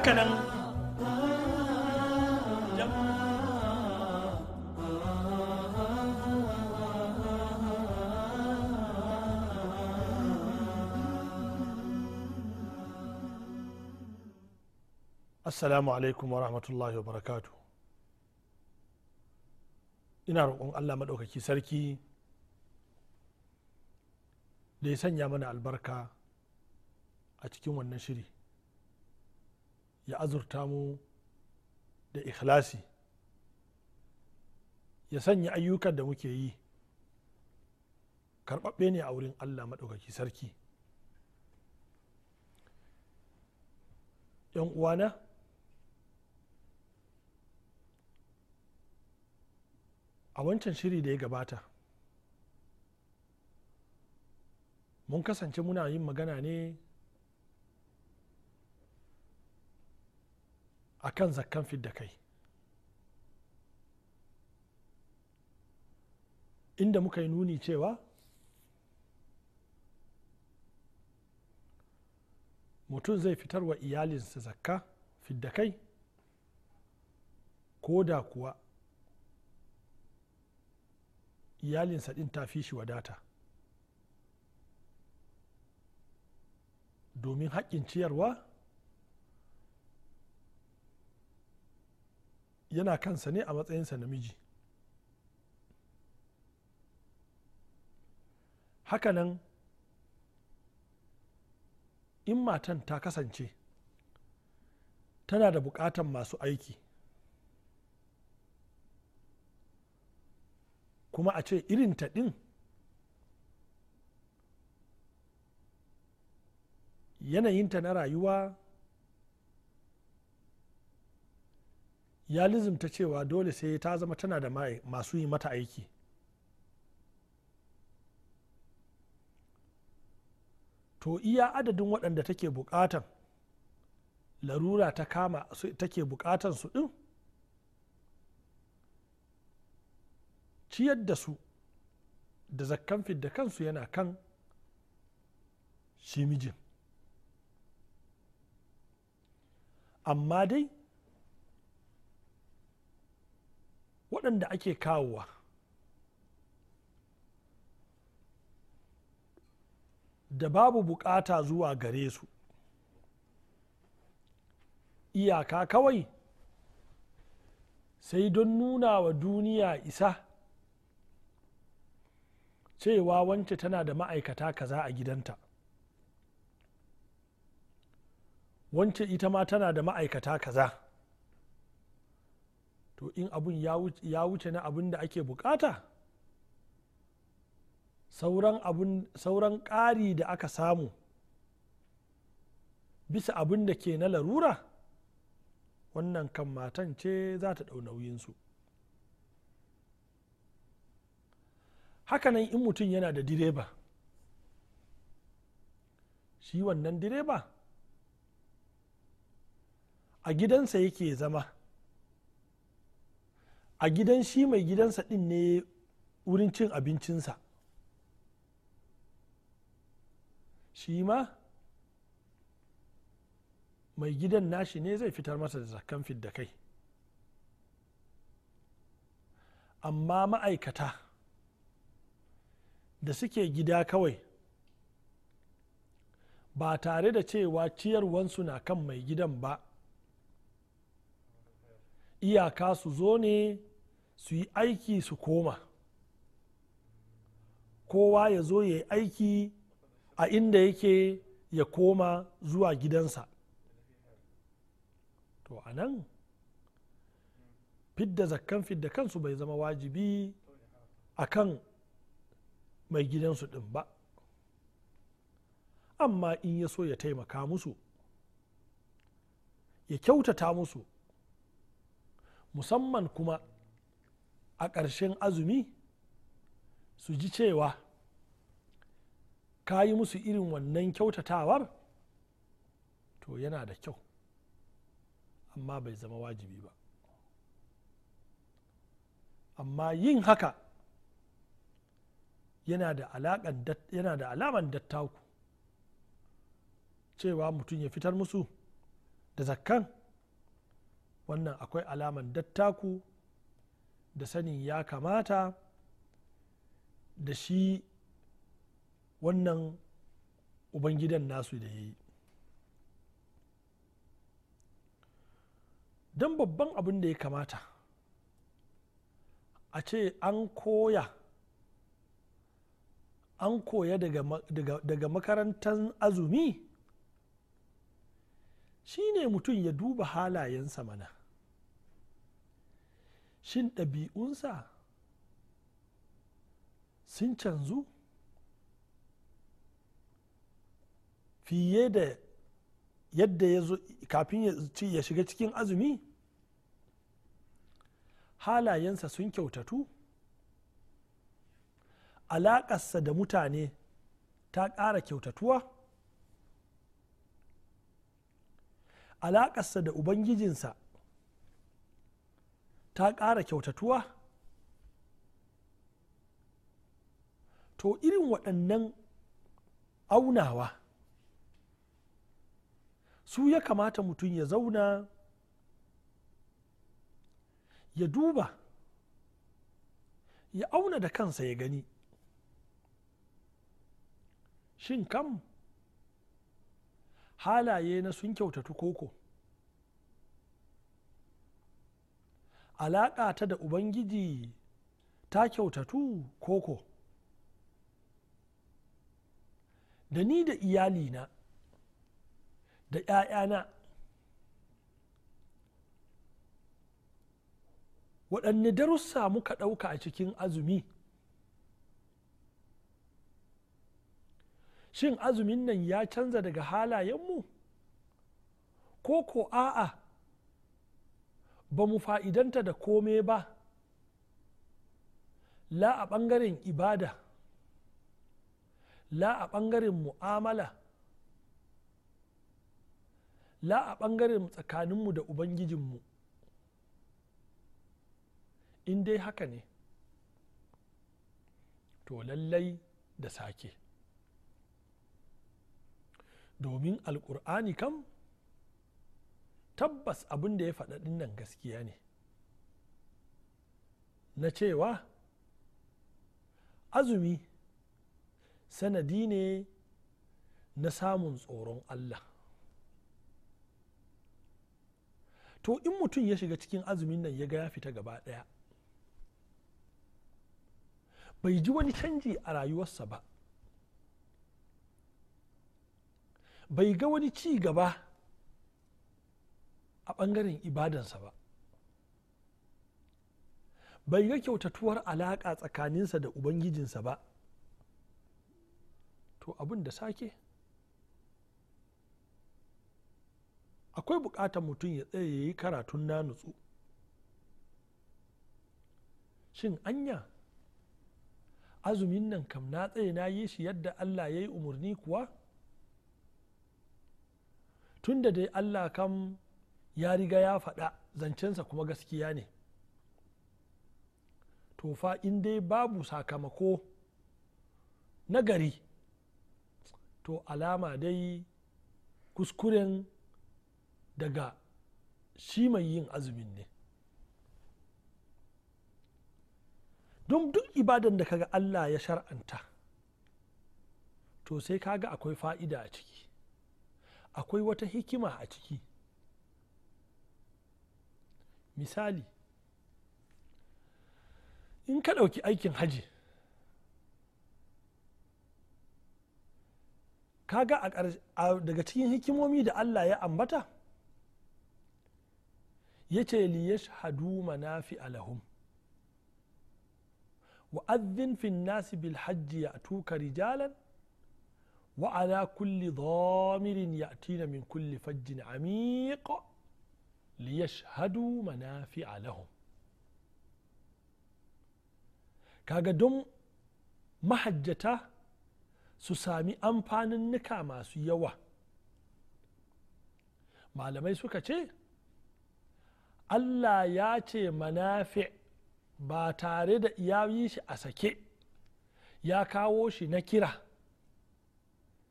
haka nan assalamu alaikum wa rahmatullahi wa barakatu ina roƙon allah maɗaukaki sarki da ya sanya mana albarka a cikin wannan shiri ya azurta mu da ikhlasi ya sanya ayyukan da muke yi karɓaɓɓe ne a wurin allah maɗaukaki sarki yan uwana a wancan shiri da ya gabata mun kasance muna yin magana ne a kan zakkan fidda kai inda muka yi nuni cewa mutum zai fitar wa iyalinsa zakka fidda kai ko da kuwa iyalinsa din ta fi shi wadata domin haƙƙin ciyarwa yana kansa ne a matsayinsa namiji hakanan in matan ta kasance tana da bukatan masu aiki kuma a ce irin ta ɗin yanayinta na rayuwa ya lizimta cewa dole sai ta zama tana da masu yi mata aiki to iya adadin waɗanda take buƙatan larura ta kama take buƙatan su ɗin ciyar da su da zakkan fidda kansu yana kan shi mijin amma dai waɗanda ake kawowa da babu bukata zuwa gare su iyaka kawai sai don nuna wa duniya isa cewa wance tana da ma'aikata kaza a gidanta wance ita ma tana da ma'aikata kaza to in abun ya wuce na abun da ake bukata sauran ƙari da aka samu bisa abun da ke na larura wannan kan matan ce za ta ɗau nauyinsu hakanan in mutum yana da direba shi wannan direba a gidansa yake zama a gidan shi mai gidansa din ne wurin cin abincinsa shi ma mai gidan nashi ne zai fitar masa da zakkan fidda kai amma ma'aikata da suke gida kawai ba tare da cewa ciyarwansu na kan mai gidan ba iyaka su zo ne su yi aiki su koma kowa ya zo ya yi aiki a inda yake ya koma zuwa gidansa to a nan fidda zakkan fidda kansu bai zama wajibi a kan mai gidansu ɗin ba amma in ya so ya taimaka musu ya kyautata musu musamman kuma a ƙarshen azumi su ji cewa ka yi musu irin wannan kyautatawar to yana da kyau amma bai zama wajibi ba amma yin haka yana da alaman dattaku cewa mutum ya fitar musu da zakkan wannan akwai alaman dattaku da sanin ya kamata da shi wannan ubangidan nasu da ya yi don babban abin da ya kamata a ce an koya an koya daga, daga, daga makarantar azumi shine mutum ya duba halayensa mana shin ɗabi'unsa sun canzu fiye da yadda ya zo kafin ya shiga cikin azumi halayensa sun kyautatu alaƙarsa da mutane ta ƙara kyautatuwa alaƙarsa da ubangijinsa ta ƙara kyautatuwa to irin waɗannan aunawa su ya kamata mutum ya zauna ya duba ya auna da kansa ya gani shin kam halaye na sun kyautatu koko alaƙa ta da ubangiji ta kyautatu koko da ni da iyalina da 'ya'yana waɗanne darussa muka ɗauka a cikin azumi shin azumin nan ya canza daga halayenmu ko ko a'a ba mu fa'idanta da kome ba la a ɓangaren ibada la a ɓangaren mu'amala la a ɓangaren tsakaninmu da ubangijinmu in dai haka ne to lallai da sake domin Alƙur'ani kam tabbas abin da ya faɗa nan gaskiya ne na cewa azumi sanadi ne na samun tsoron allah to in mutum ya shiga cikin azumin nan ya ga ya fita gaba ɗaya bai ji wani canji a rayuwarsa ba bai ga wani ci gaba a ɓangaren ibadansa ba bai ga kyautatuwar alaƙa tsakaninsa da ubangijinsa ba to abin da sake akwai buƙatar mutum ya tsaye ya yi karatun na nutsu shin anya azumin nan kam na tsaye na yi shi yadda allah ya yi umarni kuwa tun da dai allah kam ya riga ya faɗa zancensa kuma gaskiya ne to fa in dai babu sakamako nagari to alama dai kuskuren daga shi mai yin azumin ne don duk ibadan da kaga allah ya shar'anta to sai kaga akwai fa'ida a ciki akwai wata hikima a ciki misali in ka ɗauki aikin haji kaga daga cikin hikimomi da allah ya ambata ya ce liyashhadu manafi alahum wa fi bil في الناس بالحج rijalan wa ala kulli ضامر يأتين min kulli fajjin عميق liyashhadu manafi'a lahum kaga don mahajjata su sami amfanin nika masu yawa malamai suka ce allah ya ce manafi ba tare da ya yi shi a sake ya kawo shi na kira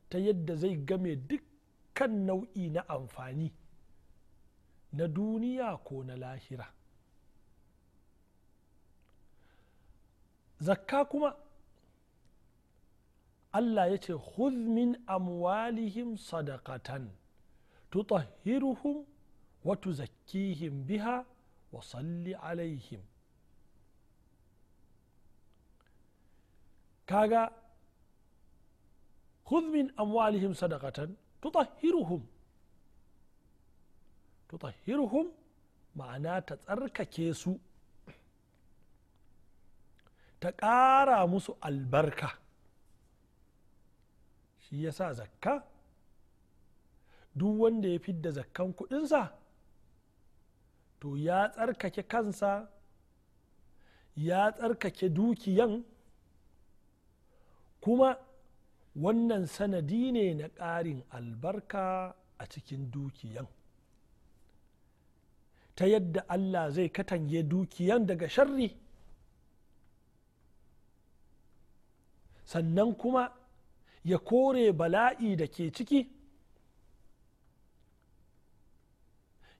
ta yadda zai game dukkan nau'i na amfani na duniya ko na lahira zakka kuma allah ya ce min amwalihim sadakatan tutahhiruhum wa tuzakkihim biha wa salli alaihim kaga min amwalihim sadakatan tutahhiruhum tutahhiruhum ma'ana ta tsarkake su ta ƙara musu albarka shi ya sa zakka duk wanda ya fidda zakkan kudinsa to ya tsarkake kansa ya tsarkake dukiyan kuma wannan sanadi ne na ƙarin albarka a cikin dukiyan ta yadda allah zai katange dukiyan daga sharri sannan kuma ya kore bala'i da ke ciki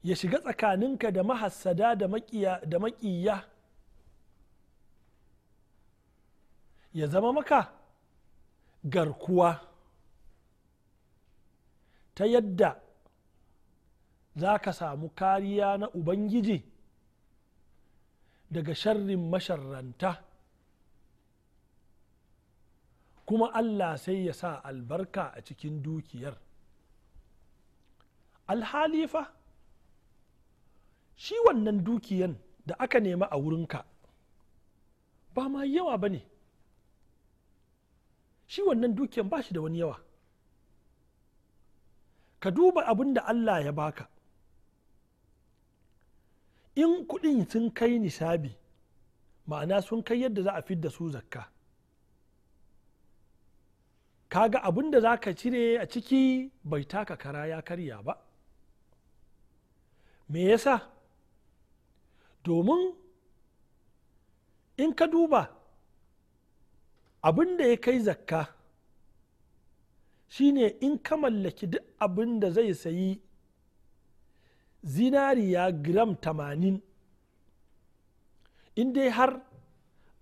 ya shiga tsakaninka da mahassada da maƙiya ya zama maka garkuwa ta yadda za ka samu kariya na ubangiji daga sharrin masharranta kuma allah sai ya sa albarka a cikin dukiyar alhalifa shi wannan dukiyan da aka nema a wurinka ba ma yawa ba ne shi wannan dukiyan ba shi da wani yawa ka duba abin da allah ya baka in kuɗin sun kai nisabi ma'ana sun kai yadda za a fidda su zakka kaga abin da za ka cire a ciki bai taka kara ya karya ba me yasa domin in ka duba abin da ya kai zakka shine in ka mallaki duk abin da zai sayi zinariya gram 80 in dai har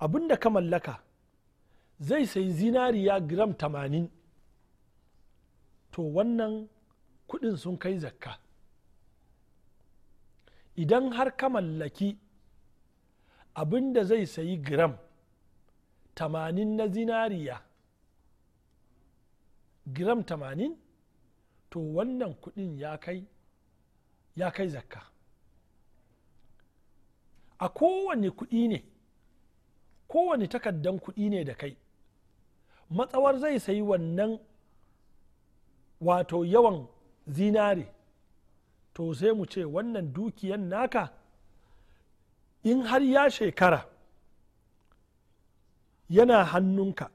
abin da ka mallaka zai sayi zinariya gram 80 to wannan kudin sun kai zakka idan har ka mallaki abin da zai sayi gram 80 na zinariya gram 80 to wannan kudin ya kai ya kai zakka a kowane kuɗi ne kowane takardan kuɗi ne da kai matsawar zai sayi wannan wato yawan zinare to sai mu ce wannan dukiyan naka in har ya shekara yana hannunka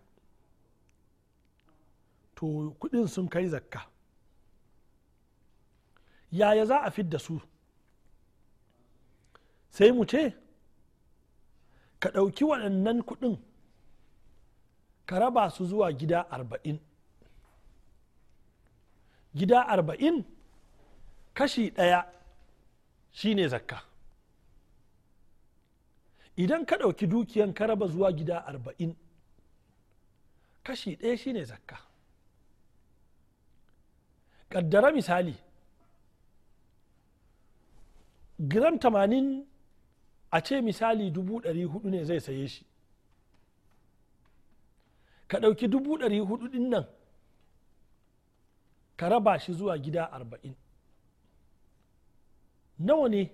to kuɗin sun kai zakka yaya za a fidda su sai mu ce ka ɗauki waɗannan kuɗin ka raba su zuwa gida arba'in gida arba'in kashi ɗaya shine zakka idan ka ɗauki dukiyan ka raba zuwa gida arba'in kashi ɗaya shine zakka ƙaddara misali gram 80 a ce misali 400 ne zai saye shi ka ɗauki 400 ɗin nan ka raba shi zuwa gida 40 nawa ne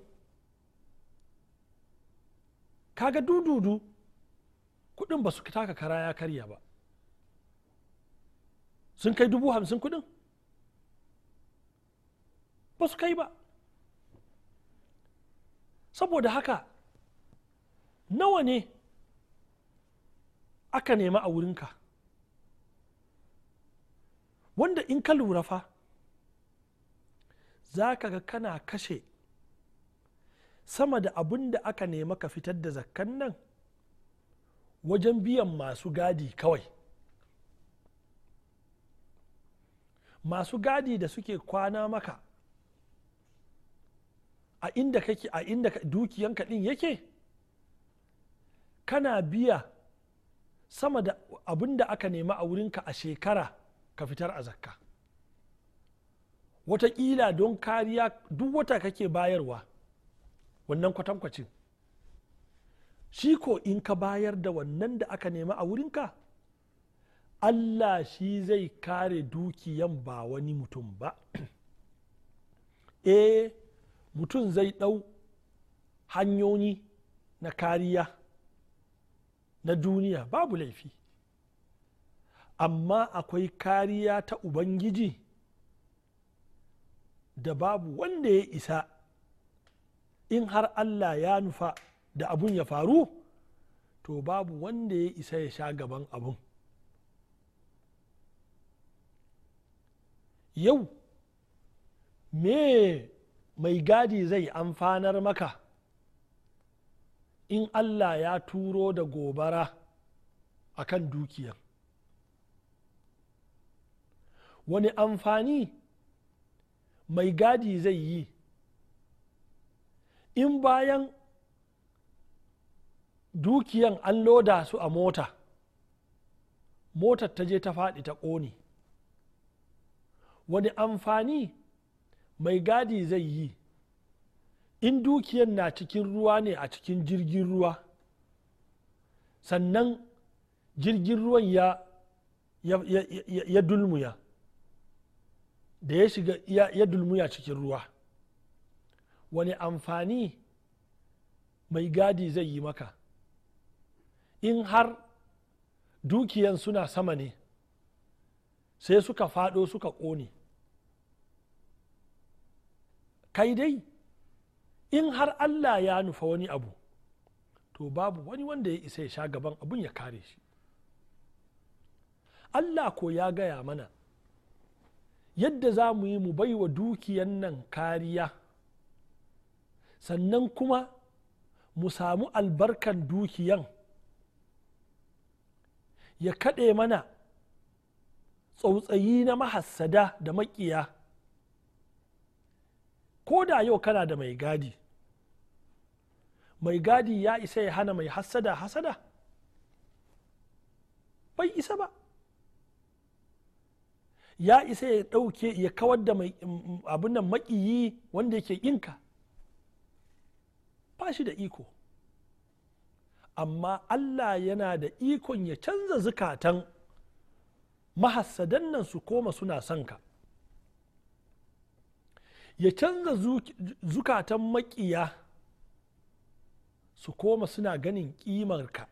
kaga dududu kudin ba su taka kara ya karya ba sun kai dubu hamsin kudin ba su kai ba saboda haka nawa ne aka nema a wurinka wanda in ka lura fa za ka ga kana kashe sama da abin da aka nema ka fitar da zakkan nan wajen biyan masu gadi kawai masu gadi da suke kwana maka a inda kake a inda dukiyanka din yake kana biya sama da abin da aka nema a wurinka a shekara ka fitar a zakka wataƙila don kariya duk wata kake bayarwa wannan kwatankwacin shi ko in ka bayar da wannan da aka nema a wurinka allah shi zai kare dukiyan ba wani mutum ba eh mutum zai ɗau hanyoyi na kariya na duniya babu laifi amma akwai kariya ta ubangiji da babu wanda ya isa in har allah ya nufa da abun ya faru to babu wanda ya isa ya sha gaban abun yau me mai gadi zai amfanar maka in allah ya turo da gobara a kan dukiyar wani amfani mai gadi zai yi in bayan dukiyan an loda su a mota motar ta je ta faɗi ta ƙone wani amfani mai gadi zai yi in dukiyan na cikin ruwa ne a cikin jirgin ruwa sannan jirgin ruwan ya ya, ya, ya, ya dulmuya da ya shiga ya dulmuya cikin ruwa wani amfani mai gadi zai yi maka in har dukiyan suna sama ne sai suka fado suka ƙone kai dai in har allah ya nufa wani abu to babu wani wanda ya isa ya sha gaban abun ya kare shi allah ko ya gaya mana yadda za mu yi mu bai wa dukiyan nan kariya sannan kuma mu samu albarkan dukiyan ya kaɗe mana tsautsayi na mahassada da maƙiya ko da yau kana da mai gadi mai gadi ya isa ya hana mai hasada hasada bai isa ba ya isa ya ɗauke ya kawar da mm, mm, abin nan maƙiyi wanda yake inka? ba shi da iko amma allah yana da ikon ya canza zukatan mahassadan nan su koma suna son ka ya canza zukatan makiya su koma suna ganin ƙimarka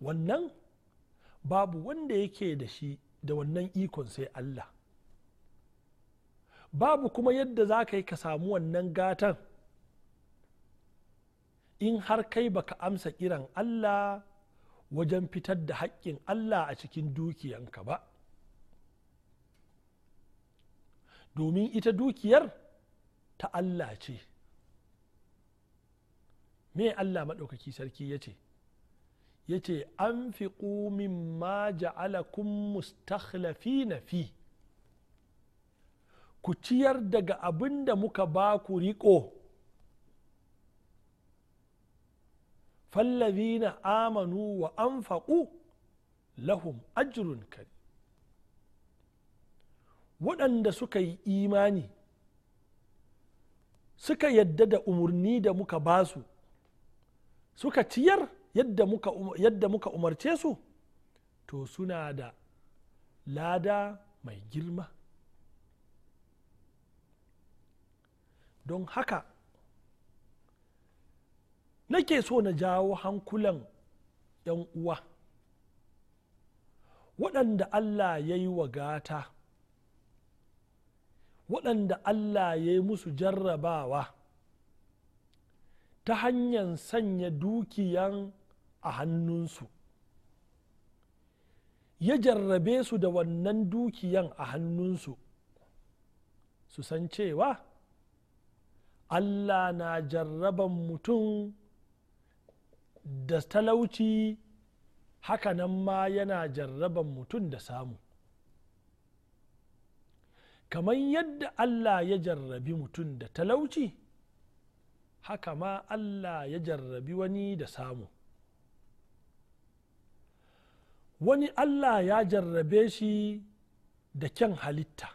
wannan babu wanda yake da shi da wannan ikon sai Allah babu kuma yadda za ka yi ka samu wannan gatan in har kai baka amsa kiran Allah wajen fitar da haƙƙin Allah a cikin dukiyanka ba domin ita dukiyar ta Allah ce me Allah maɗaukaki sarki ya ce ya ce an fi ƙumin ma ja'alakun mustakhlafi na fi ku ciyar daga abin da muka ba ku riƙo na amanu wa an lahum ajrun kari waɗanda suka yi imani suka yadda da umarni da muka ba su suka ciyar yadda muka, um, yadda muka umarce su to suna da lada mai girma don haka nake so na jawo hankulan 'yan uwa waɗanda allah ya yi wa gata waɗanda allah ya yi musu jarrabawa ta hanyar sanya dukiyan a hannunsu ya jarrabe su da wannan dukiyan a hannunsu su san cewa allah na jarraban mutum da talauci hakanan ma yana jarraban mutum da samu kamar yadda allah ya jarrabi mutum da talauci haka ma allah ya jarrabi wani da samu wani allah ya jarrabe shi da kyan halitta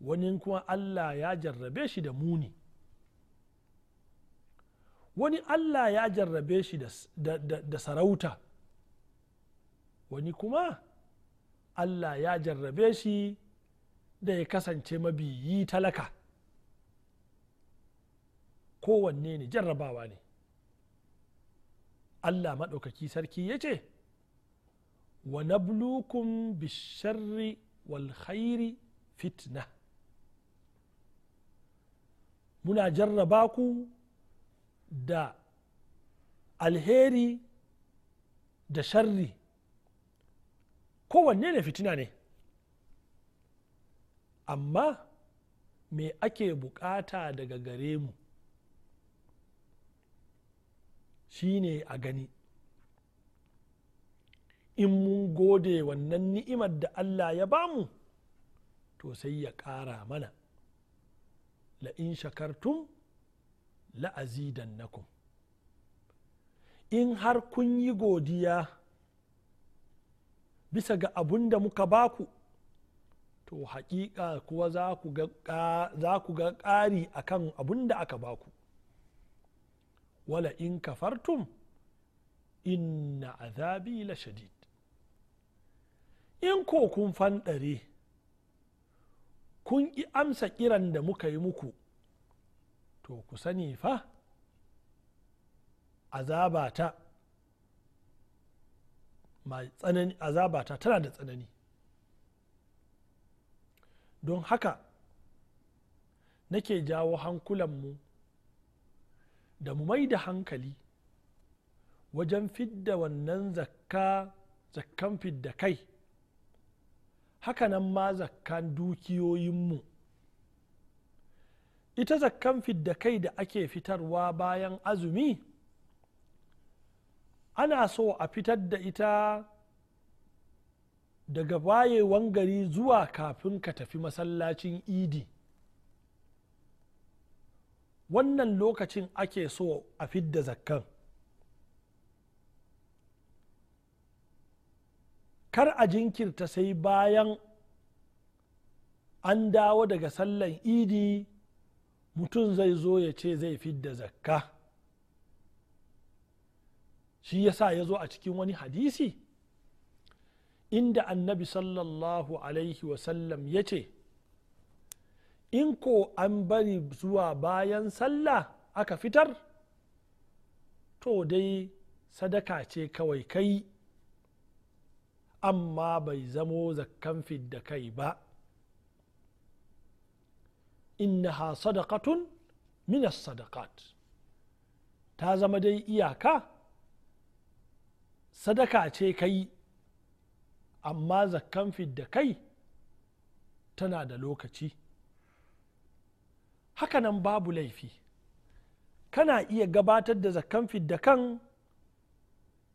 wani kuma allah ya jarrabe shi da muni wani allah ya jarrabe shi da, da, da, da sarauta wani kuma allah ya jarrabe shi da ya kasance mabiyi talaka kowanne ne jarrabawa ne allah maɗaukaki sarki ya ce wa nablukum bisharri walhairi khairi fitna muna jarraba ku da alheri da sharri kowanne ne fitina ne amma me ake bukata daga gare mu shine a gani in mun gode wannan ni'imar da allah ya bamu to sai ya ƙara mana la'in shakartum la'azidannakum in har kun yi godiya bisa ga abun da muka baku to haƙiƙa kuwa za ku ga ƙari a kan abin da aka baku wala in kafartum inna azabi la shadid in ko kun fanɗare kun ƙi amsa kiran da muka yi muku to ku sani fa azabata tana da tsanani don haka nake jawo hankulanmu da mu mai da hankali wajen fidda wannan zakka zakkan fidda kai hakanan ma zakkan dukiyoyinmu ita zakkan fidda kai da ake fitarwa bayan azumi ana so a fitar da ita daga wayewan gari zuwa kafin ka tafi masallacin idi wannan lokacin ake so a fidda zakkan kar a jinkirta sai bayan an dawo daga sallan idi mutum zai zo ya ce zai fidda zakka shi yasa ya zo a cikin wani hadisi inda annabi sallallahu alaihi wasallam ya ce in ko an bari zuwa bayan sallah aka fitar to dai sadaka ce kawai kai amma bai zamo zakkan fidda kai ba innaha sadaqatun minas sadaqat ta zama dai iyaka sadaka ce kai amma zakkan fidda kai tana da lokaci hakanan babu laifi kana iya gabatar da zakkan fidda kan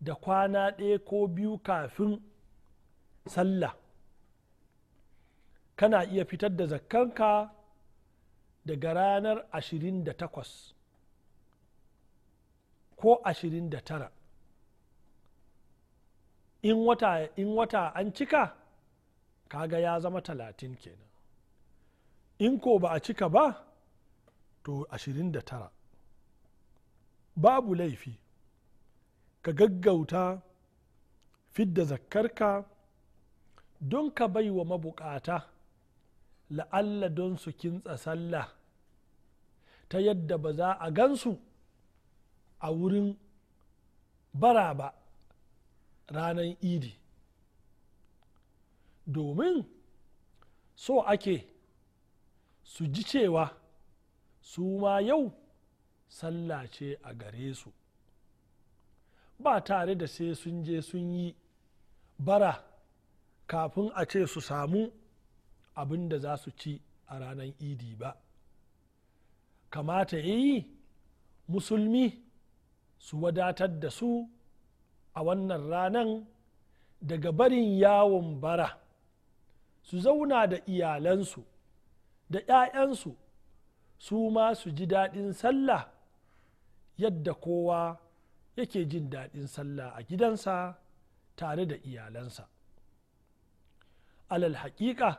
da kwana ɗaya ko biyu kafin sallah kana iya fitar da zakkanka daga ranar 28 ko 29 in wata in wata an cika kaga ya zama talatin kenan in ko ba a cika ba to ashirin da tara babu laifi ka gaggauta fidda zakkarka don ka bai wa mabukata la'alla don su kintsa sallah ta yadda ba za a gansu a wurin bara ba ranar idi domin so ake su ji cewa su ma yau sallah ce a gare su ba tare da sai sun je sun yi bara kafin a ce su samu abin da za su ci a ranar idi ba kamata ya yi musulmi su wadatar da su a wannan ranan daga barin yawon bara su zauna da iyalansu da 'ya'yansu su ma su ji daɗin sallah yadda kowa yake jin daɗin sallah a gidansa tare da iyalansa alal haƙiƙa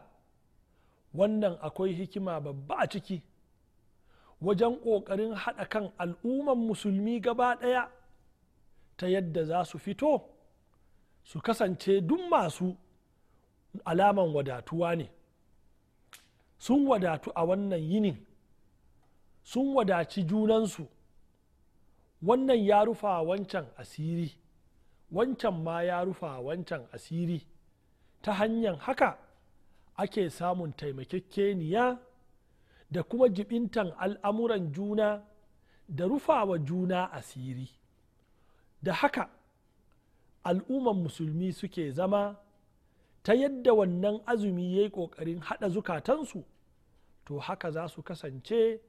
wannan akwai hikima babba a ciki wajen ƙoƙarin haɗa kan al'umman musulmi gaba ɗaya ta yadda za su fito su kasance duk masu alaman wadatuwa ne sun wadatu a wannan yinin sun wadaci junansu wannan ya rufa wancan asiri wancan ma ya rufa wancan asiri ta hanyar haka ake samun taimakekeniya da kuma jibintan al'amuran juna da rufawa juna asiri da haka al'umman musulmi suke zama ta yadda wannan azumi ya yi ƙoƙarin haɗa zukatansu to haka za su kasance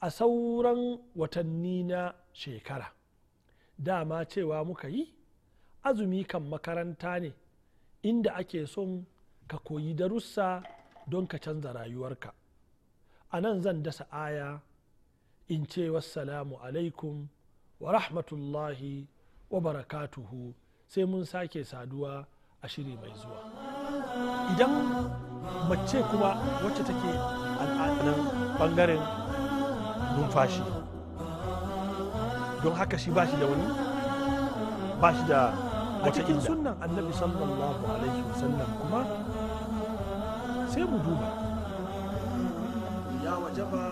a sauran watanni na shekara dama cewa muka yi azumi kan makaranta ne inda ake son ka koyi darussa don ka canza rayuwarka a nan zan dasa aya in ce wassalamu alaikum wa rahmatullahi wa barakatuhu sai mun sake saduwa a shiri mai zuwa idan mace kuma wacce take al'adunan bangaren numfashi don haka shi bashi da wani bashi da a cikin sunan annabi sallallahu alaihi wasallam kuma sai mu duba ya wajaba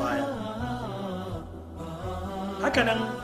baya nan